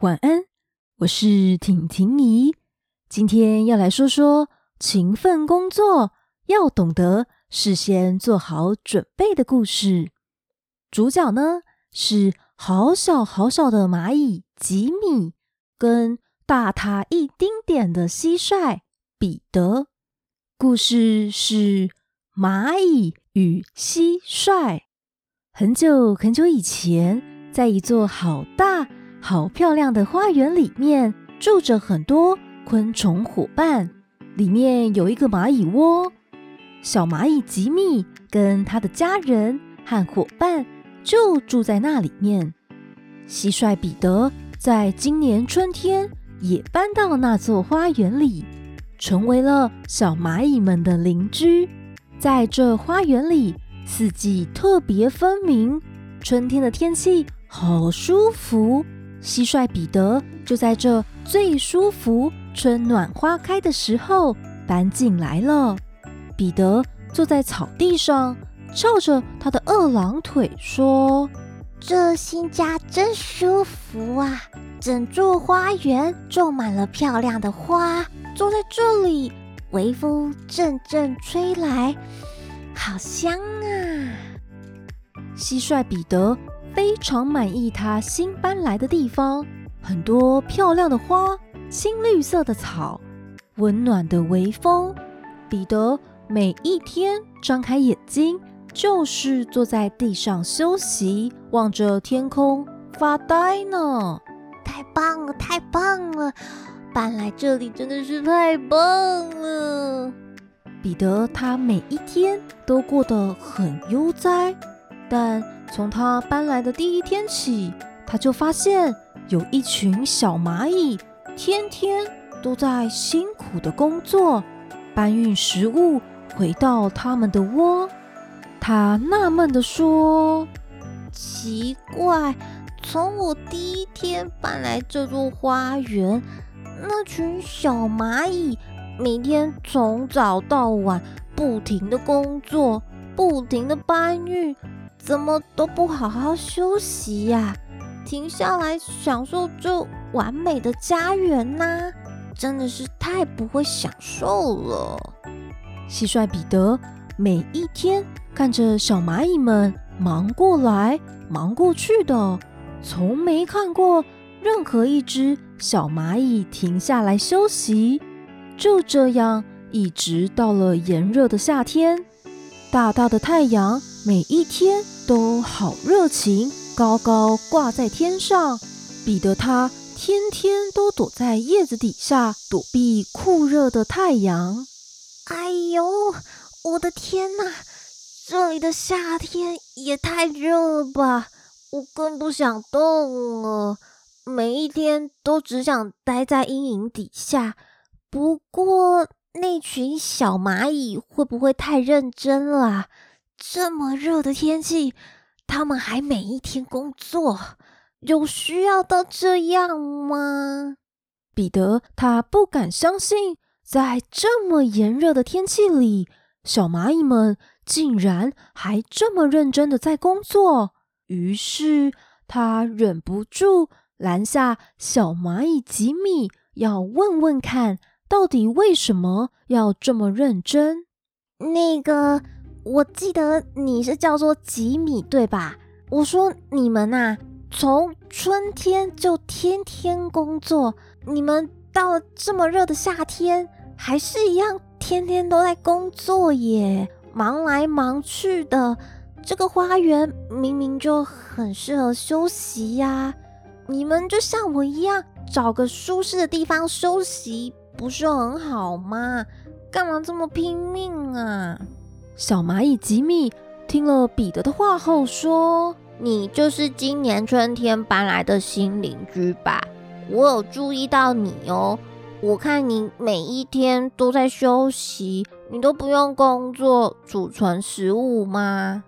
晚安，我是婷婷姨，今天要來說說勤奮工作要懂得事先做好準備的故事。主角呢是好小好小的螞蟻吉米跟大他一丁點的蟋蟀彼得。故事是螞蟻與蟋蟀。很久很久以前，在一座好大，好漂亮的花園，裡面住着很多昆蟲夥伴。裡面有一個螞蟻窩，小螞蟻吉米跟他的家人和夥伴就住在那裡面。蟋蟀彼得在今年春天也搬到了那座花園裡，成為了小螞蟻們的鄰居。在這花園裡，四季特別分明，春天的天氣好舒服。蟋蟀彼得就在這最舒服、春暖花開的時候搬進來了。彼得坐在草地上，翹着他的二郎腿，說：“這新家真舒服啊！整座花園種滿了漂亮的花，坐在這裡，微風陣陣吹來，好香啊！”蟋蟀彼得，非常滿意他新搬來的地方，很多漂亮的花，青綠色的草，溫暖的微風。彼得每一天張開眼睛，就是坐在地上休息，望着天空發呆呢。太棒了，太棒了！搬來這裡真的是太棒了。彼得他每一天都過得很悠哉，但。從他搬來的第一天起，他就發現有一群小螞蟻天天都在辛苦的工作，搬運食物回到他們的窩。他納悶地說：“奇怪，從我第一天搬來這座花園，那群小螞蟻每天從早到晚不停的工作，不停的搬運。”怎麼都不好好休息呀、啊？停下來享受這完美的家園呢、啊？真的是太不會享受了。蟋蟀彼得每一天看着小螞蟻們忙過來忙過去的，從沒看過任何一隻小螞蟻停下來休息。就這樣，一直到了炎熱的夏天，大大的太陽。每一天都好熱情，高高掛在天上。彼得他天天都躲在葉子底下躲避酷熱的太陽。哎呦，我的天哪！這裡的夏天也太熱了吧！我更不想動了，每一天都只想待在陰影底下。不過，那群小螞蟻會不會太認真了啊？這麼熱的天氣，他們還每一天工作，有需要到這樣嗎？彼得他不敢相信，在這麼炎熱的天氣裡，小螞蟻們竟然還這麼認真的在工作。於是他忍不住攔下小螞蟻吉米，要問問看到底為什麼要這麼認真。那個。我記得你是叫做吉米對吧？我說你們吶，從春天就天天工作，你們到了這麼熱的夏天還是一樣天天都在工作耶，忙來忙去的。這個花園明明就很適合休息呀，你們就像我一樣，找個舒適的地方休息不是很好嗎？幹嘛這麼拼命啊？小螞蟻吉米聽了彼得的話後說：“你就是今年春天搬來的新鄰居吧？我有注意到你哦。我看你每一天都在休息，你都不用工作儲存食物嗎？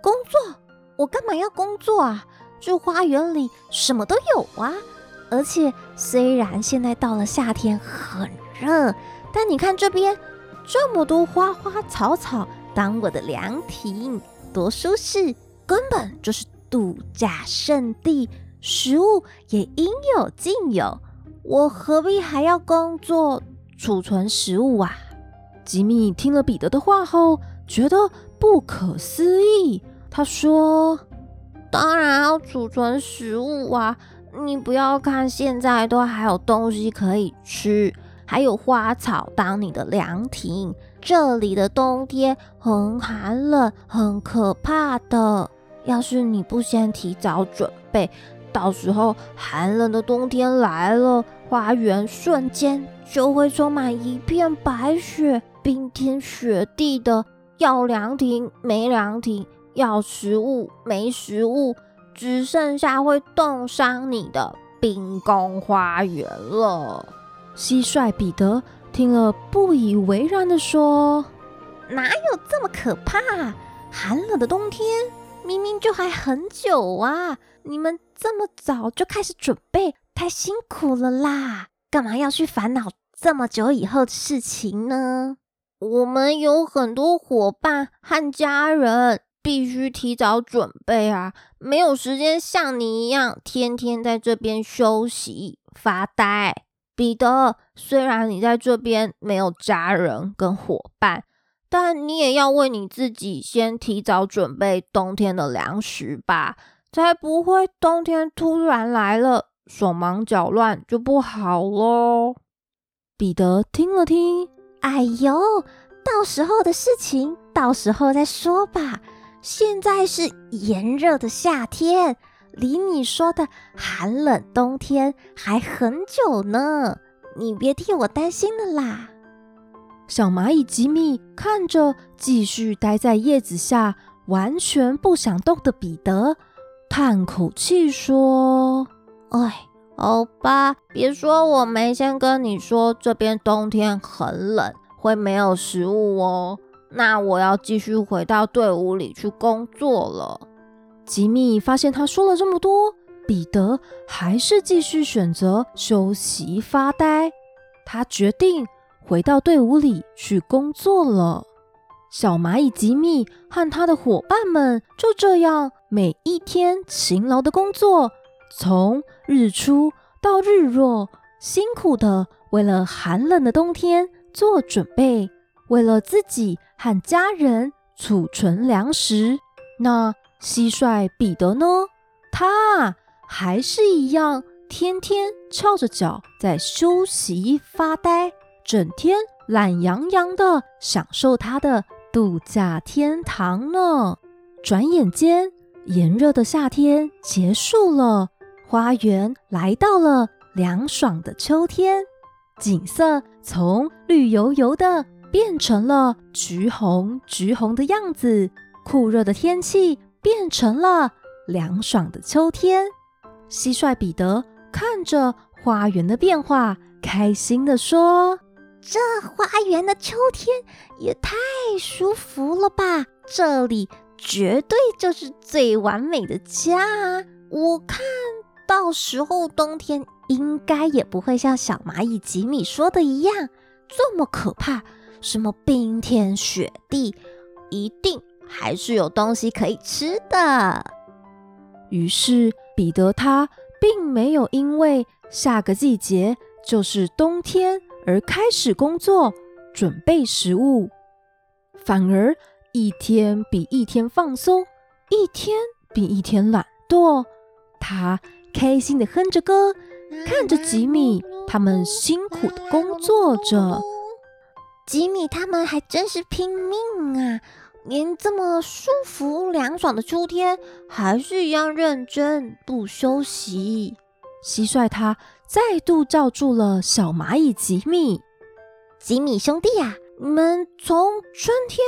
工作？我幹嘛要工作啊？這花園裡什麼都有啊。而且雖然現在到了夏天很熱，但你看這邊這麼多花花草草。”當我的涼亭多舒適，根本就是度假勝地，食物也應有盡有，我何必還要工作儲存食物啊？吉米聽了彼得的話後，覺得不可思議。他說：“當然要儲存食物啊！你不要看現在都還有東西可以吃，還有花草當你的涼亭。”這裡的冬天很寒冷，很可怕的。要是你不先提早準備，到時候寒冷的冬天來了，花園瞬間就會充滿一片白雪，冰天雪地的。要涼亭沒涼亭，要食物沒食物，只剩下會凍傷你的冰宮花園了。蟋蟀彼得聽了，不以為然的說：“哪有這麼可怕？寒冷的冬天明明就還很久啊！你們這麼早就開始準備，太辛苦了啦！幹嘛要去煩惱這麼久以後的事情呢？我們有很多夥伴和家人，必須提早準備啊！沒有時間像你一樣天天在這邊休息發呆。”彼得，雖然你在這邊沒有家人跟夥伴，但你也要為你自己先提早準備冬天的糧食吧，才不會冬天突然來了，手忙腳亂就不好嘍。彼得聽了聽，哎呦，到時候的事情，到時候再說吧，現在是炎熱的夏天。離你說的寒冷冬天還很久呢，你別替我擔心了啦。小螞蟻吉米看着繼續待在葉子下完全不想動的彼得，嘆口氣說：“哎，歐巴，別說我沒先跟你說，這邊冬天很冷，會沒有食物哦。那我要繼續回到隊伍裡去工作了。”吉米發現，他說了這麼多，彼得還是繼續選擇休息發呆。他決定，回到隊伍裡去工作了。小螞蟻吉米和他的夥伴們就這樣每一天勤勞的工作，從日出到日落，辛苦的為了寒冷的冬天做準備，為了自己和家人儲存糧食。那。蟋蟀彼得呢？他還是一樣，天天翹着腳在休息發呆，整天懶洋洋的享受他的度假天堂呢。轉眼間，炎熱的夏天結束了，花園來到了涼爽的秋天，景色從綠油油的變成了橘紅橘紅的樣子，酷熱的天氣，變成了涼爽的秋天，蟋蟀彼得看着花園的變化，開心地說：“這花園的秋天也太舒服了吧！這裡絕對就是最完美的家。我看到時候冬天應該也不會像小螞蟻吉米說的一樣這麼可怕，什麼冰天雪地，一定。”還是有東西可以吃的。於是，彼得他並沒有因為下個季節就是冬天而開始工作，準備食物，反而一天比一天放鬆，一天比一天懶惰。他開心地哼着歌，看着吉米他們辛苦的工作着。吉米他們還真是拼命啊！連這麼舒服涼爽的秋天，還是一樣認真不休息。蟋蟀它再度叫住了小螞蟻吉米：“吉米兄弟呀、啊，你們從春天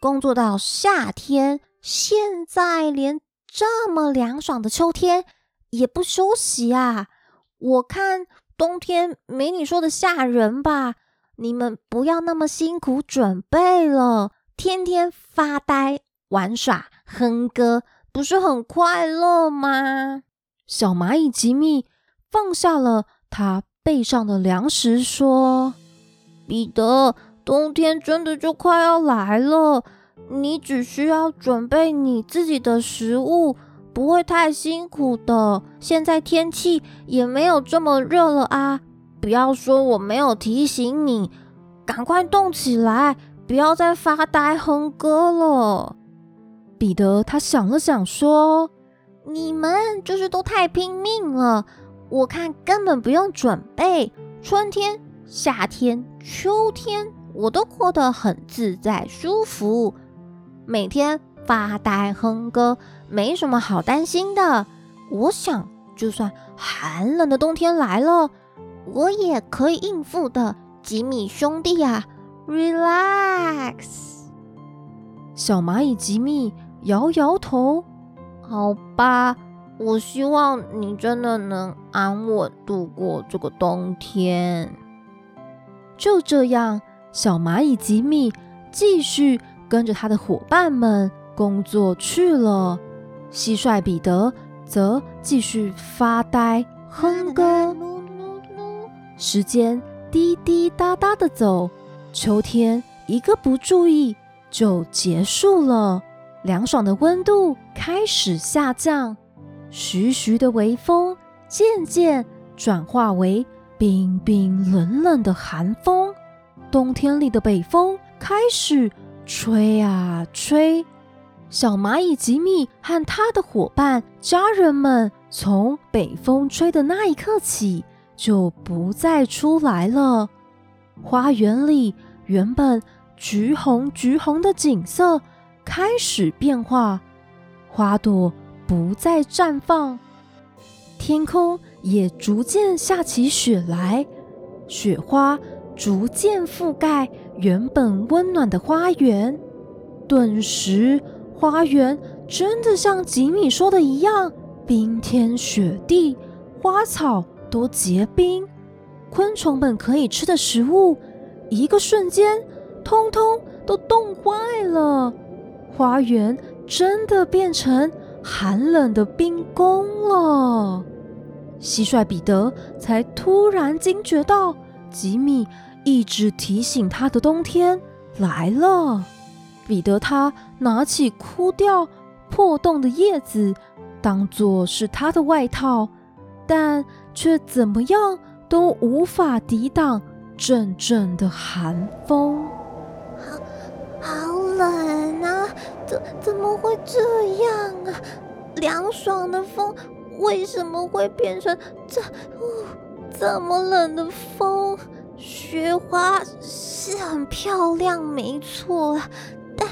工作到夏天，現在連這麼涼爽的秋天也不休息啊！我看冬天沒你說的嚇人吧？你們不要那麼辛苦準備了。”天天發呆、玩耍、哼歌，不是很快樂嗎？小螞蟻吉米放下了他背上的糧食，說：“彼得，冬天真的就快要來了。你只需要準備你自己的食物，不會太辛苦的。現在天氣也沒有這麼熱了啊！不要說我沒有提醒你，趕快動起來。”不要再發呆哼歌了，彼得。他想了想說：“你們就是都太拼命了，我看根本不用準備。春天、夏天、秋天，我都過得很自在舒服。每天發呆哼歌，沒什麼好擔心的。我想，就算寒冷的冬天來了，我也可以應付的。”吉米兄弟呀、啊。Relax，小螞蟻吉米搖搖頭。好吧，我希望你真的能安穩度過這個冬天。就這樣，小螞蟻吉米繼續跟着他的夥伴們工作去了。蟋蟀彼得則繼續發呆哼歌。 時間滴滴答答的走。秋天一個不注意就結束了，涼爽的溫度開始下降，徐徐的微風漸漸轉化為冰冰冷冷冷的寒風。冬天裡的北風開始吹啊吹，小螞蟻吉米和他的夥伴家人們從北風吹的那一刻起就不再出來了。花園裡原本橘紅橘紅的景色開始變化，花朵不再綻放，天空也逐漸下起雪來，雪花逐漸覆蓋原本溫暖的花園，頓時花園真的像吉米說的一樣，冰天雪地，花草都結冰。昆蟲們可以吃的食物，一個瞬間，通通都凍壞了。花園真的變成寒冷的冰宮了。蟋蟀彼得才突然驚覺到，吉米一直提醒他的冬天來了。彼得他拿起枯掉、破洞的葉子，當做是他的外套，但卻怎麼樣？都無法抵擋陣陣的寒風，好，好冷啊！怎怎麼會這樣啊？涼爽的風為什麼會變成這、哦、這麼冷的風？雪花是很漂亮，沒錯、啊，但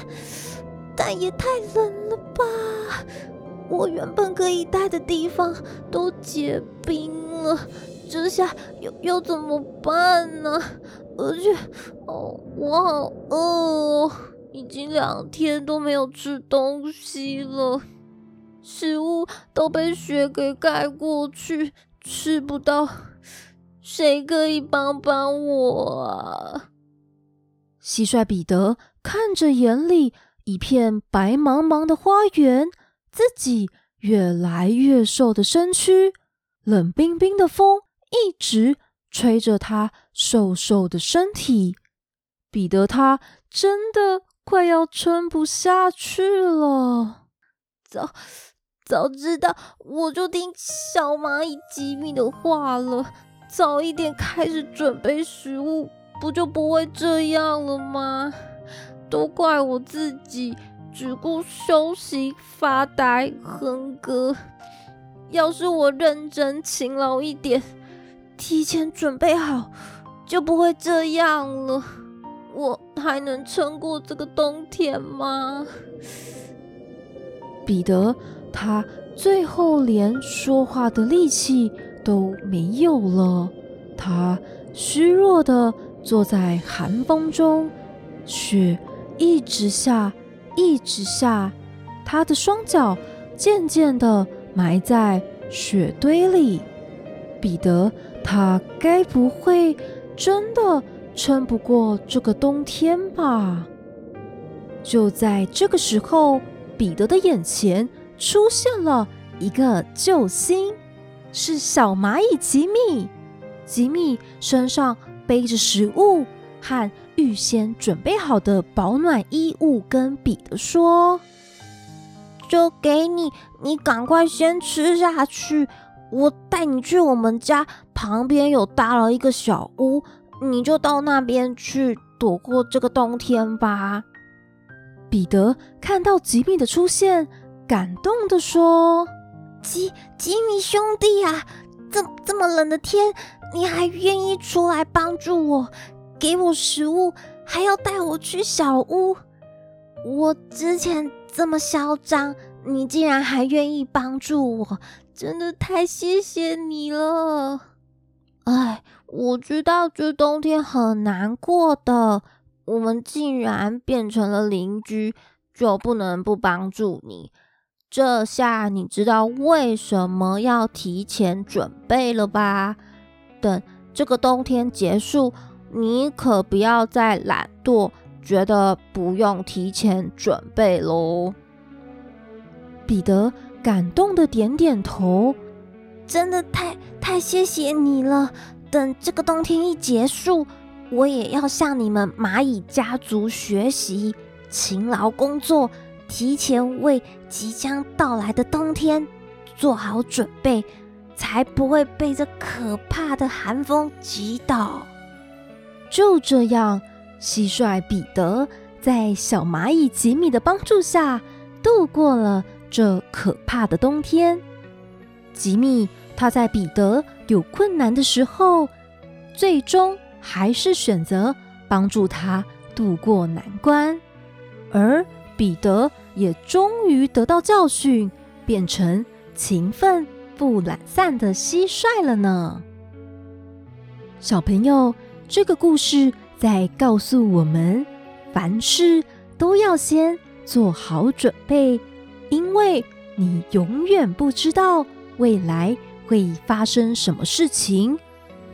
但也太冷了吧？我原本可以待的地方都結冰了。這下又要怎麼辦呢？而且，哦，我好餓哦，已經兩天都沒有吃東西了，食物都被雪給蓋過去，吃不到。誰可以幫幫我啊？蟋蟀彼得看着眼裡一片白茫茫的花園，自己越來越瘦的身軀，冷冰冰的風。一直吹着他瘦瘦的身體，彼得他真的快要撐不下去了。早早知道我就聽小螞蟻吉米的話了，早一點開始準備食物，不就不會這樣了嗎？都怪我自己，只顧休息、發呆、哼歌。要是我認真勤勞一點。提前準備好，就不會這樣了。我還能撐過這個冬天嗎？彼得，他最後連說話的力氣都沒有了。他虛弱地坐在寒風中，雪一直下，一直下。他的雙腳漸漸地埋在雪堆裡。彼得，他該不會真的撐不過這個冬天吧？就在這個時候，彼得的眼前出現了一個救星，是小螞蟻吉米。吉米身上背着食物和預先準備好的保暖衣物，跟彼得說：“就給你，你趕快先吃下去。”我帶你去我們家旁邊，有搭了一個小屋，你就到那邊去躲過這個冬天吧。彼得看到吉米的出現，感動地說：“吉吉米兄弟啊，這這麼冷的天，你還願意出來幫助我，給我食物，還要帶我去小屋。我之前這麼囂張，你竟然還願意幫助我。”真的太謝謝你了！哎，我知道這冬天很難過的。我們既然變成了鄰居，就不能不幫助你。這下你知道為什麼要提前準備了吧？等這個冬天結束，你可不要再懶惰，覺得不用提前準備嘍，彼得。感動的點點頭，真的太太謝謝你了。等這個冬天一結束，我也要向你們螞蟻家族學習，勤勞工作，提前為即將到來的冬天做好準備，才不會被這可怕的寒風擊倒。就這樣，蟋蟀彼得在小螞蟻吉米的幫助下度過了。這可怕的冬天，吉米他在彼得有困難的時候，最終還是選擇幫助他度過難關，而彼得也終於得到教訓，變成勤奮不懶散的蟋蟀了呢。小朋友，這個故事在告訴我們，凡事都要先做好準備。因為你永遠不知道未來會發生什麼事情，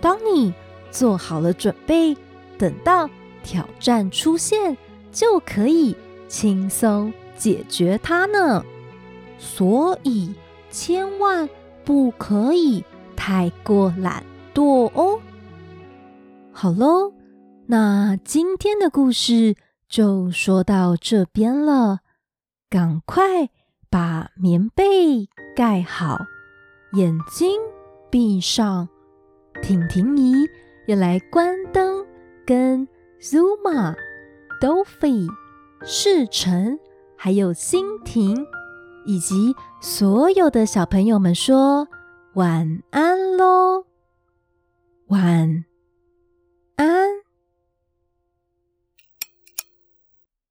當你做好了準備，等到挑戰出現，就可以輕鬆解決它呢。所以，千萬不可以太過懶惰哦。好嘍，那今天的故事就說到這邊了，趕快！把棉被蓋好，眼睛閉上。婷婷姨要來關燈，跟 Zuma、Doffy、士宸、還有欣庭以及所有的小朋友們說晚安嘍，晚安。